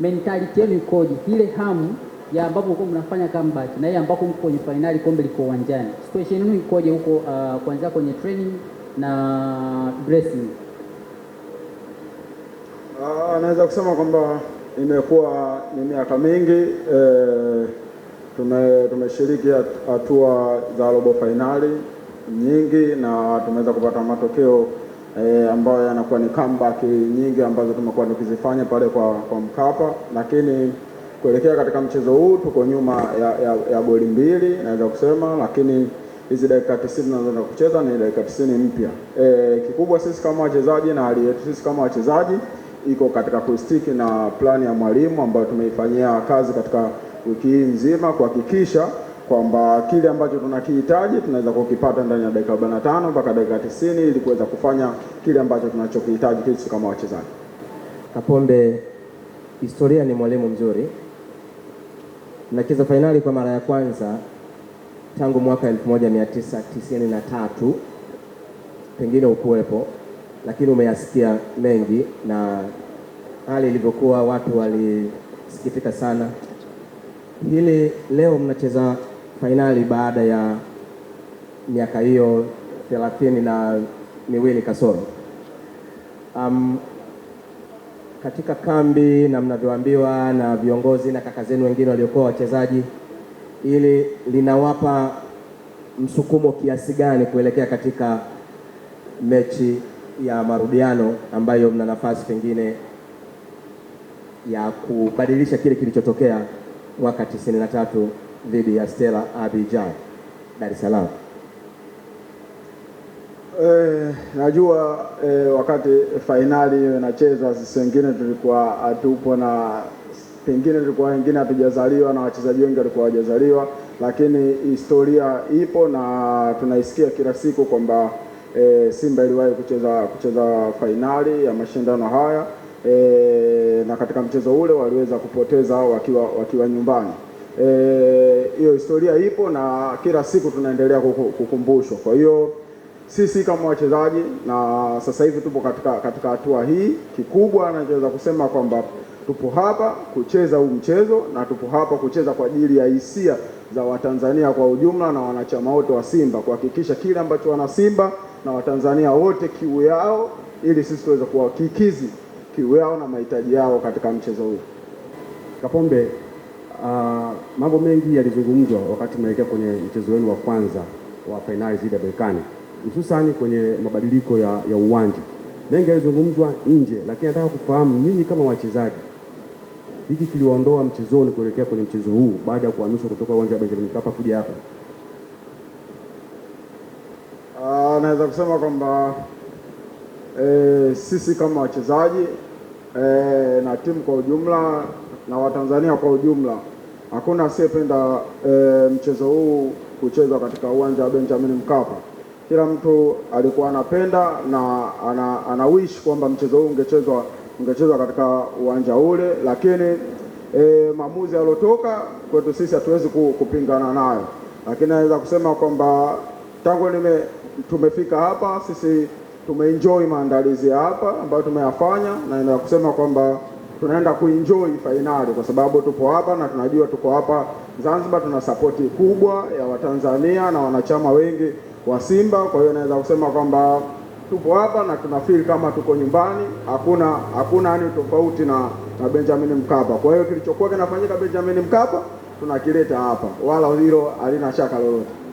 mentality yenu ikoje, ile hamu ya ambapo uko mnafanya comeback na ile ambapo mko kwenye finali, kombe liko uwanjani, situation yenu ikoje huko, uh, kuanzia kwenye training na dressing? Uh, naweza kusema kwamba imekuwa ni miaka mingi eh, tume tumeshiriki hatua za robo fainali nyingi na tumeweza kupata matokeo e, ambayo yanakuwa ni comeback nyingi ambazo tumekuwa tukizifanya pale kwa, kwa Mkapa, lakini kuelekea katika mchezo huu tuko nyuma ya, ya, ya goli mbili naweza kusema, lakini hizi dakika 90 tunazoenda kucheza ni dakika 90 mpya. E, kikubwa sisi kama wachezaji na hali yetu sisi kama wachezaji iko katika kustiki na plani ya mwalimu ambayo tumeifanyia kazi katika wiki hii nzima kuhakikisha kwamba kile ambacho tunakihitaji tunaweza kukipata ndani ya dakika 45 mpaka dakika 90 ili kuweza kufanya kile ambacho tunachokihitaji sisi kama wachezaji. Kapombe, historia ni mwalimu mzuri. Nacheza fainali kwa mara ya kwanza tangu mwaka 1993 pengine ukuwepo, lakini umeyasikia mengi na hali ilivyokuwa, watu walisikitika sana. Hili leo mnacheza fainali baada ya miaka hiyo thelathini na miwili kasoro. Um, katika kambi na mnavyoambiwa na viongozi na kaka zenu wengine waliokuwa wachezaji, ili linawapa msukumo kiasi gani kuelekea katika mechi ya marudiano ambayo mna nafasi pengine ya kubadilisha kile kilichotokea mwaka 93 dhidi ya Stella Abijay Dar es Salaam. Eh, najua eh, wakati fainali hiyo inachezwa sisi wengine tulikuwa hatupo na pengine tulikuwa wengine hatujazaliwa na wachezaji wengi walikuwa hawajazaliwa, lakini historia ipo na tunaisikia kila siku kwamba eh, Simba iliwahi kucheza kucheza fainali ya mashindano haya eh, na katika mchezo ule waliweza kupoteza wakiwa wakiwa nyumbani. E, hiyo e, historia ipo na kila siku tunaendelea kukumbushwa. Kwa hiyo sisi kama wachezaji na sasa hivi tupo katika katika hatua hii, kikubwa nachoweza kusema kwamba tupo hapa kucheza huu mchezo na tupo hapa kucheza kwa ajili ya hisia za Watanzania kwa ujumla na wanachama wote wa Simba kuhakikisha kile ambacho wana Simba na Watanzania wote kiu yao, ili sisi tuweze kuwakikizi kiu yao na mahitaji yao katika mchezo huu. Kapombe Uh, mambo mengi yalizungumzwa wakati mnaelekea kwenye mchezo wenu wa kwanza wa fainali dhidi ya Berkane, hususani kwenye mabadiliko ya, ya uwanja. Mengi yalizungumzwa nje, lakini nataka kufahamu nyinyi kama wachezaji, hiki kiliwaondoa mchezoni kuelekea kwenye mchezo huu baada ya kuhamishwa kutoka uwanja wa Benjamin Mkapa kuja hapa? Uh, naweza kusema kwamba eh, sisi kama wachezaji eh, na timu kwa ujumla na Watanzania kwa ujumla. Hakuna asiyependa e, mchezo huu kuchezwa katika uwanja wa Benjamin Mkapa. Kila mtu alikuwa anapenda na ana, ana wish kwamba mchezo huu ungechezwa ungechezwa katika uwanja ule, lakini e, maamuzi yaliotoka kwetu sisi hatuwezi kupingana nayo, lakini naweza kusema kwamba tangu nime tumefika hapa sisi tumeenjoy maandalizi ya hapa ambayo tumeyafanya na naweza kusema kwamba tunaenda kuenjoy fainali kwa sababu tupo hapa na tunajua tuko hapa Zanzibar, tuna sapoti kubwa ya Watanzania na wanachama wengi wa Simba. Kwa hiyo naweza kusema kwamba tupo hapa na tuna feel kama tuko nyumbani, hakuna hakuna yani tofauti na, na Benjamin Mkapa. Kwa hiyo kilichokuwa kinafanyika Benjamin Mkapa tunakileta hapa, wala hilo halina shaka lolote.